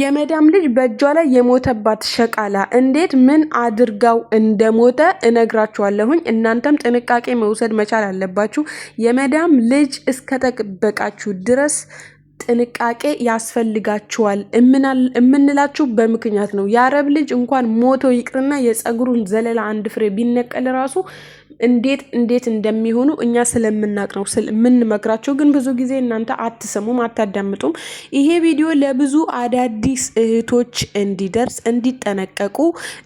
የመዳም ልጅ በእጇ ላይ የሞተባት ሸቃላ እንዴት ምን አድርጋው እንደሞተ እነግራችኋለሁኝ። እናንተም ጥንቃቄ መውሰድ መቻል አለባችሁ። የመዳም ልጅ እስከጠበቃችሁ ድረስ ጥንቃቄ ያስፈልጋችኋል የምንላችሁ በምክንያት ነው። የአረብ ልጅ እንኳን ሞቶ ይቅርና የፀጉሩን ዘለላ አንድ ፍሬ ቢነቀል ራሱ እንዴት እንዴት እንደሚሆኑ እኛ ስለምናቅ ነው የምንመክራቸው። ግን ብዙ ጊዜ እናንተ አትሰሙም፣ አታዳምጡም። ይሄ ቪዲዮ ለብዙ አዳዲስ እህቶች እንዲደርስ እንዲጠነቀቁ፣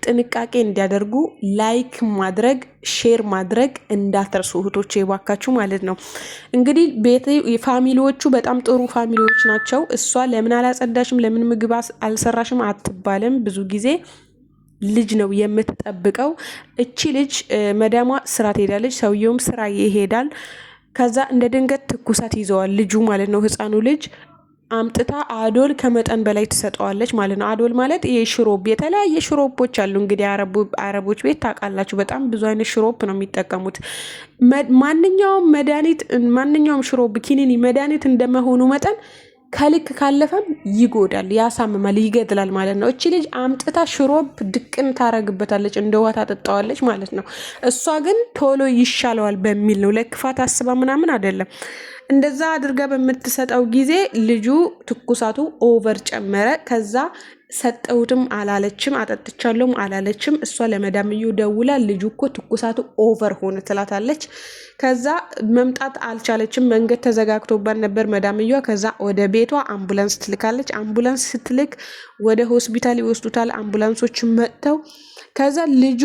ጥንቃቄ እንዲያደርጉ ላይክ ማድረግ ሼር ማድረግ እንዳትረሱ እህቶች የባካችሁ ማለት ነው። እንግዲህ ቤት ፋሚሊዎቹ በጣም ጥሩ ፋሚሊዎች ናቸው። እሷ ለምን አላጸዳሽም፣ ለምን ምግብ አልሰራሽም አትባልም ብዙ ጊዜ ልጅ ነው የምትጠብቀው። እቺ ልጅ መዳሟ ስራ ትሄዳለች፣ ሰውየውም ስራ ይሄዳል። ከዛ እንደ ድንገት ትኩሳት ይዘዋል ልጁ ማለት ነው ህፃኑ ልጅ አምጥታ አዶል ከመጠን በላይ ትሰጠዋለች ማለት ነው። አዶል ማለት ይሄ ሽሮፕ፣ የተለያየ ሽሮቦች አሉ እንግዲህ አረቦች ቤት ታውቃላችሁ፣ በጣም ብዙ አይነት ሽሮፕ ነው የሚጠቀሙት። ማንኛውም መድኃኒት ማንኛውም ሽሮፕ ኪኒኒ መድኃኒት እንደመሆኑ መጠን ከልክ ካለፈም ይጎዳል፣ ያሳምማል፣ ይገድላል ማለት ነው። እቺ ልጅ አምጥታ ሽሮብ ድቅን ታረግበታለች፣ እንደ ውሃ ታጠጣዋለች ማለት ነው። እሷ ግን ቶሎ ይሻለዋል በሚል ነው፣ ለክፋት አስባ ምናምን አይደለም። እንደዛ አድርጋ በምትሰጠው ጊዜ ልጁ ትኩሳቱ ኦቨር ጨመረ። ከዛ ሰጠውትም አላለችም አጠጥቻለሁም አላለችም። እሷ ለመዳምዩ ደውላ ልጁ እኮ ትኩሳቱ ኦቨር ሆነ ትላታለች። ከዛ መምጣት አልቻለችም፣ መንገድ ተዘጋግቶባት ነበር መዳምዮ። ከዛ ወደ ቤቷ አምቡላንስ ትልካለች። አምቡላንስ ስትልክ ወደ ሆስፒታል ይወስዱታል። አምቡላንሶች መጥተው ከዛ ልጁ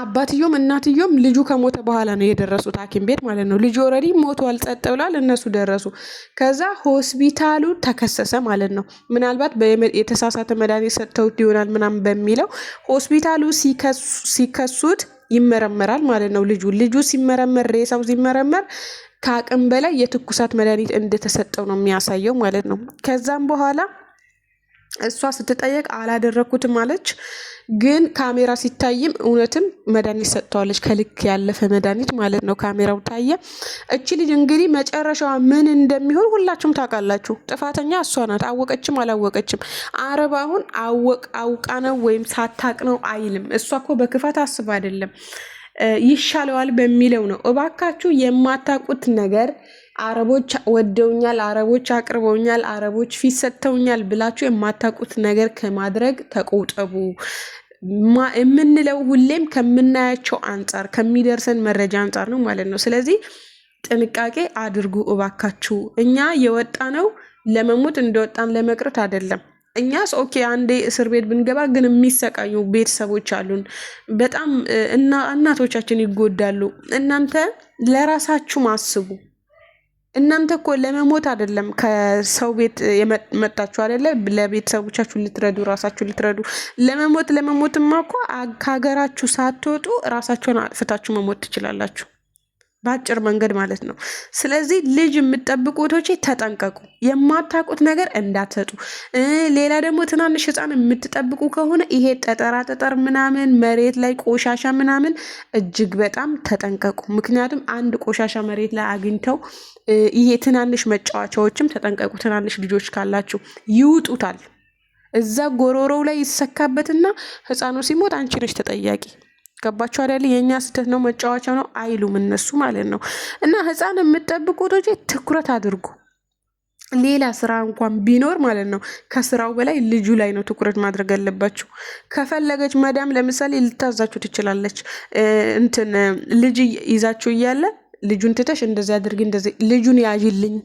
አባትዮም እናትዮም ልጁ ከሞተ በኋላ ነው የደረሱት ሐኪም ቤት ማለት ነው። ልጁ ኦልሬዲ ሞቷል፣ ጸጥ ብሏል። እነሱ ደረሱ። ከዛ ሆስፒታሉ ተከሰሰ ማለት ነው። ምናልባት የተሳሳተ መድኃኒት ሰጥተውት ይሆናል ምናምን በሚለው ሆስፒታሉ ሲከሱት ይመረመራል ማለት ነው። ልጁ ልጁ ሲመረመር ሬሳው ሲመረመር ከአቅም በላይ የትኩሳት መድኃኒት እንደተሰጠው ነው የሚያሳየው ማለት ነው። ከዛም በኋላ እሷ ስትጠየቅ አላደረግኩትም አለች። ግን ካሜራ ሲታይም እውነትም መድኃኒት ሰጥተዋለች፣ ከልክ ያለፈ መድኃኒት ማለት ነው። ካሜራው ታየ። እች ልጅ እንግዲህ መጨረሻዋ ምን እንደሚሆን ሁላችሁም ታውቃላችሁ። ጥፋተኛ እሷ ናት፣ አወቀችም አላወቀችም። አረብ አሁን አወቅ አውቃ ነው ወይም ሳታቅ ነው አይልም። እሷ እኮ በክፋት አስብ አይደለም ይሻለዋል በሚለው ነው። እባካችሁ የማታውቁት ነገር አረቦች ወደውኛል፣ አረቦች አቅርበውኛል፣ አረቦች ፊት ሰጥተውኛል ብላችሁ የማታውቁት ነገር ከማድረግ ተቆጠቡ የምንለው ሁሌም ከምናያቸው አንጻር ከሚደርሰን መረጃ አንጻር ነው ማለት ነው። ስለዚህ ጥንቃቄ አድርጉ እባካችሁ። እኛ የወጣ ነው ለመሞት እንደወጣን ለመቅረት አይደለም። እኛስ ኦኬ አንዴ እስር ቤት ብንገባ ግን የሚሰቃዩ ቤተሰቦች አሉን። በጣም እና እናቶቻችን ይጎዳሉ። እናንተ ለራሳችሁ አስቡ። እናንተ እኮ ለመሞት አይደለም ከሰው ቤት የመጣችሁ አይደለ? ለቤተሰቦቻችሁ ልትረዱ ራሳችሁ ልትረዱ ለመሞት ለመሞትማ እኮ ከሀገራችሁ ሳትወጡ ራሳችሁን አጥፍታችሁ መሞት ትችላላችሁ። በአጭር መንገድ ማለት ነው። ስለዚህ ልጅ የምጠብቁ እህቶቼ ተጠንቀቁ፣ የማታውቁት ነገር እንዳትሰጡ። ሌላ ደግሞ ትናንሽ ህፃን የምትጠብቁ ከሆነ ይሄ ጠጠራ ጠጠር ምናምን መሬት ላይ ቆሻሻ ምናምን እጅግ በጣም ተጠንቀቁ። ምክንያቱም አንድ ቆሻሻ መሬት ላይ አግኝተው ይሄ ትናንሽ መጫወቻዎችም ተጠንቀቁ። ትናንሽ ልጆች ካላችሁ ይውጡታል። እዛ ጎሮሮው ላይ ይሰካበትና ህፃኑ ሲሞት አንቺ ነሽ ተጠያቂ። ገባችሁ አይደል? የእኛ ስህተት ነው መጫወቻ ነው አይሉም እነሱ ማለት ነው። እና ህፃን የምጠብቁ ወዳጆች ትኩረት አድርጉ። ሌላ ስራ እንኳን ቢኖር ማለት ነው ከስራው በላይ ልጁ ላይ ነው ትኩረት ማድረግ ያለባችሁ። ከፈለገች መዳም ለምሳሌ ልታዛችሁ ትችላለች። እንትን ልጅ ይዛችሁ እያለ ልጁን ትተሽ እንደዚህ አድርጊ፣ እንደዚህ ልጁን ያዥልኝ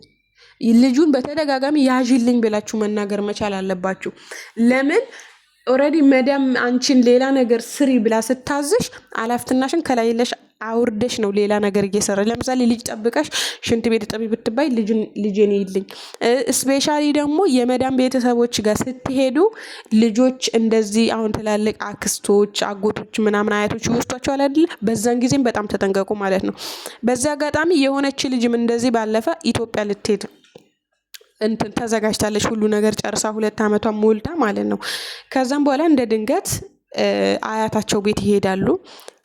ልጁን በተደጋጋሚ ያዥልኝ ብላችሁ መናገር መቻል አለባችሁ። ለምን ኦልሬዲ መዳም አንቺን ሌላ ነገር ስሪ ብላ ስታዝሽ አላፍትናሽን ከላይ ለሽ አውርደሽ ነው ሌላ ነገር እየሰራ ለምሳሌ ልጅ ጠብቀሽ ሽንት ቤት ጠቢ ብትባይ ልጅን ይልኝ። ስፔሻሊ ደግሞ የመዳም ቤተሰቦች ጋር ስትሄዱ ልጆች እንደዚህ አሁን ትላልቅ አክስቶች፣ አጎቶች ምናምን አያቶች ይወስዷቸዋል አላደለ በዛን ጊዜም በጣም ተጠንቀቁ ማለት ነው። በዚህ አጋጣሚ የሆነች ልጅም እንደዚህ ባለፈ ኢትዮጵያ ልትሄድ እንትን ተዘጋጅታለች ሁሉ ነገር ጨርሳ ሁለት ዓመቷን ሞልዳ ማለት ነው። ከዛም በኋላ እንደ ድንገት አያታቸው ቤት ይሄዳሉ።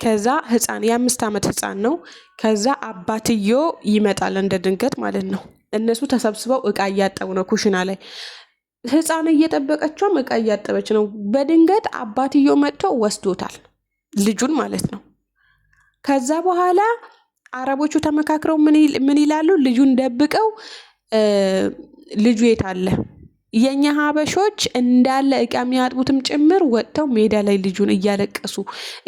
ከዛ ህፃን የአምስት ዓመት ህፃን ነው። ከዛ አባትዮ ይመጣል እንደ ድንገት ማለት ነው። እነሱ ተሰብስበው እቃ እያጠቡ ነው ኩሽና ላይ ህፃን እየጠበቀችም እቃ እያጠበች ነው። በድንገት አባትዮ መጥቶ ወስዶታል ልጁን ማለት ነው። ከዛ በኋላ አረቦቹ ተመካክረው ምን ይላሉ ልጁን ደብቀው ልጁ የት አለ? የእኛ ሀበሾች እንዳለ እቃ የሚያጥቡትም ጭምር ወጥተው ሜዳ ላይ ልጁን እያለቀሱ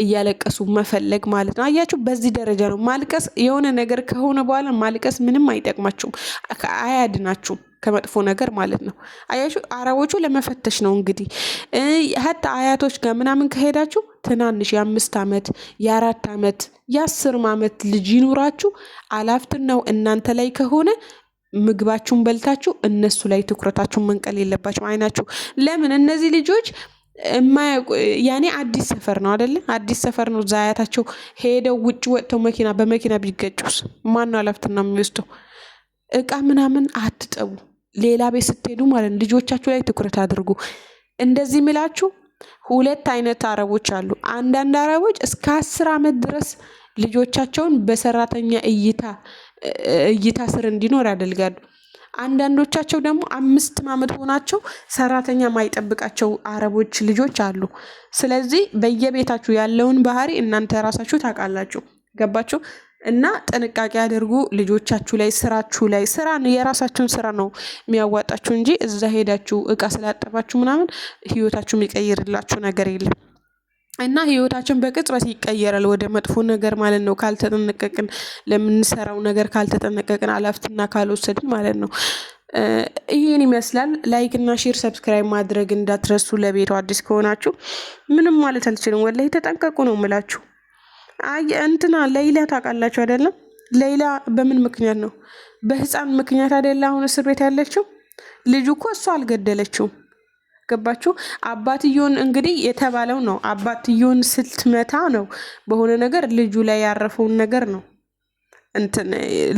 እያለቀሱ መፈለግ ማለት ነው። አያችሁ፣ በዚህ ደረጃ ነው ማልቀስ። የሆነ ነገር ከሆነ በኋላ ማልቀስ ምንም አይጠቅማችሁም፣ አያድናችሁም ከመጥፎ ነገር ማለት ነው። አያችሁ፣ አረቦቹ ለመፈተሽ ነው እንግዲህ ሀታ አያቶች ጋር ምናምን ከሄዳችሁ ትናንሽ የአምስት ዓመት የአራት ዓመት የአስርም ዓመት ልጅ ይኑራችሁ አላፍትን ነው እናንተ ላይ ከሆነ ምግባችሁን በልታችሁ እነሱ ላይ ትኩረታችሁን መንቀል የለባችሁ። አይናችሁ ለምን እነዚህ ልጆች ያኔ አዲስ ሰፈር ነው አደለ? አዲስ ሰፈር ነው። ዛያታቸው ሄደው ውጭ ወጥተው መኪና በመኪና ቢገጩስ ማን ነው ነው የሚወስደው? እቃ ምናምን አትጠቡ። ሌላ ቤት ስትሄዱ ማለት ልጆቻችሁ ላይ ትኩረት አድርጉ። እንደዚህ ምላችሁ ሁለት አይነት አረቦች አሉ። አንዳንድ አረቦች እስከ አስር ዓመት ድረስ ልጆቻቸውን በሰራተኛ እይታ እይታ ስር እንዲኖር ያደርጋሉ። አንዳንዶቻቸው ደግሞ አምስት ዓመት ሆናቸው ሰራተኛ ማይጠብቃቸው አረቦች ልጆች አሉ። ስለዚህ በየቤታችሁ ያለውን ባህሪ እናንተ ራሳችሁ ታውቃላችሁ። ገባችሁ? እና ጥንቃቄ አድርጉ ልጆቻችሁ ላይ፣ ስራችሁ ላይ። ስራ የራሳችሁን ስራ ነው የሚያዋጣችሁ እንጂ እዛ ሄዳችሁ እቃ ስላጠባችሁ ምናምን ህይወታችሁ የሚቀይርላችሁ ነገር የለም። እና ህይወታችን በቅጽበት ይቀየራል ወደ መጥፎ ነገር ማለት ነው። ካልተጠነቀቅን ለምንሰራው ነገር ካልተጠነቀቅን አላፍትና ካልወሰድን ማለት ነው። ይህን ይመስላል። ላይክ እና ሼር፣ ሰብስክራይብ ማድረግ እንዳትረሱ። ለቤቱ አዲስ ከሆናችሁ ምንም ማለት አልችልም። ወላሂ ተጠንቀቁ ነው ምላችሁ? አይ እንትና ለይላ ታውቃላችሁ አይደለም? ለይላ በምን ምክንያት ነው? በህፃን ምክንያት አይደለ አሁን እስር ቤት ያለችው? ልጁ እኮ እሷ አልገደለችውም። ገባችሁ? አባትየውን እንግዲህ የተባለው ነው። አባትየውን ስትመታ ነው በሆነ ነገር ልጁ ላይ ያረፈውን ነገር ነው እንትን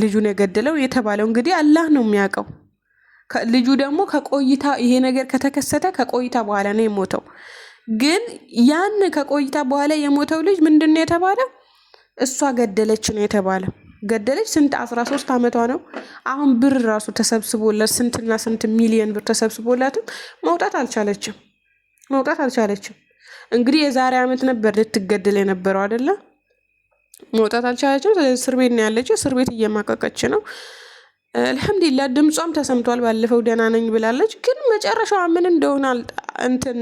ልጁን የገደለው የተባለው እንግዲህ አላህ ነው የሚያውቀው። ልጁ ደግሞ ከቆይታ ይሄ ነገር ከተከሰተ ከቆይታ በኋላ ነው የሞተው። ግን ያን ከቆይታ በኋላ የሞተው ልጅ ምንድን ነው የተባለው? እሷ ገደለች ነው የተባለው። ገደለች። ስንት አስራ ሶስት አመቷ ነው። አሁን ብር ራሱ ተሰብስቦላት ስንትና ስንት ሚሊየን ብር ተሰብስቦላትም መውጣት አልቻለችም መውጣት አልቻለችም። እንግዲህ የዛሬ አመት ነበር ልትገደል የነበረው አደለ? መውጣት አልቻለችም። ስለዚህ እስር ቤት ነው ያለችው። እስር ቤት እየማቀቀች ነው። አልሐምዲላ ድምጿም ተሰምቷል። ባለፈው ደህና ነኝ ብላለች፣ ግን መጨረሻዋ ምን እንደሆነ እንትን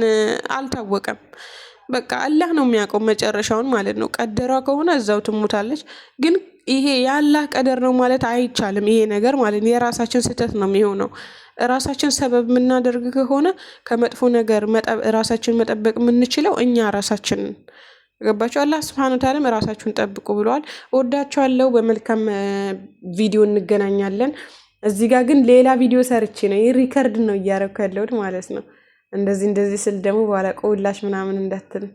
አልታወቀም። በቃ አላህ ነው የሚያውቀው መጨረሻውን ማለት ነው። ቀደሯ ከሆነ እዛው ትሞታለች። ግን ይሄ የአላህ ቀደር ነው ማለት አይቻልም። ይሄ ነገር ማለት የራሳችን ስህተት ነው የሚሆነው። ራሳችን ሰበብ የምናደርግ ከሆነ ከመጥፎ ነገር ራሳችን መጠበቅ የምንችለው እኛ ራሳችን ገባቸው። አላህ ስብሐነ ወተዓላም ራሳችሁን ጠብቁ ብለዋል። ወዳችኋለሁ። በመልካም ቪዲዮ እንገናኛለን። እዚህ ጋር ግን ሌላ ቪዲዮ ሰርቼ ነው ይህ ሪከርድ ነው እያረኩ ያለሁት ማለት ነው። እንደዚህ እንደዚህ ስል ደግሞ በኋላ ቆላሽ ምናምን እንዳትል